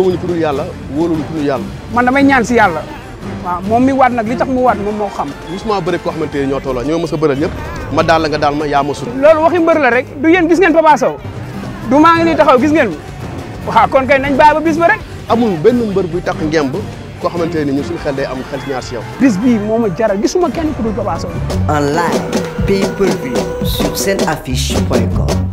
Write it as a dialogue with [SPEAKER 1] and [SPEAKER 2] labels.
[SPEAKER 1] gëmuñu ku dul yàlla wóoluñu ku dul yàlla man damay ñaan si yàlla waaw moom mi waat nag li tax mu waat moom moo xam musuma bëri koo xamante ñoo tolloo ñoo mos a bëral ñëpp ma daal la nga daal ma yaa ma sut loolu waxi mbër la rek du yéen gis ngeen Papa Sow du maa ngi nii taxaw gis ngeen mi waaw kon kay nañ bàyyi ba bis ba rek amul benn mbër buy tax ngemb koo xamante ne ñun suñu xel day am xel ñaar si yow bis bii moo ma jaral gisuma kenn ku